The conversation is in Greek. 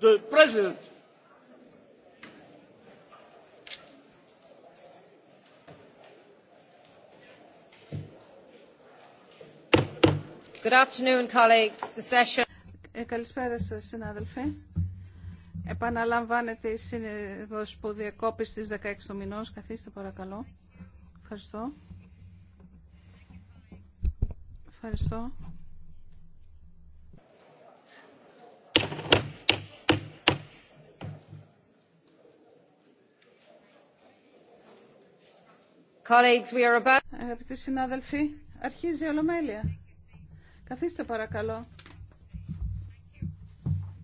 the president Good afternoon, colleagues. The session... Ε, καλησπέρα σας συνάδελφοι. Επαναλαμβάνεται η σύνεδρος που διακόπησε στις 16 του μηνός. Καθίστε παρακαλώ. Ευχαριστώ. Ευχαριστώ. Αγαπητοί συνάδελφοι, αρχίζει η Ολομέλεια. Καθίστε παρακαλώ.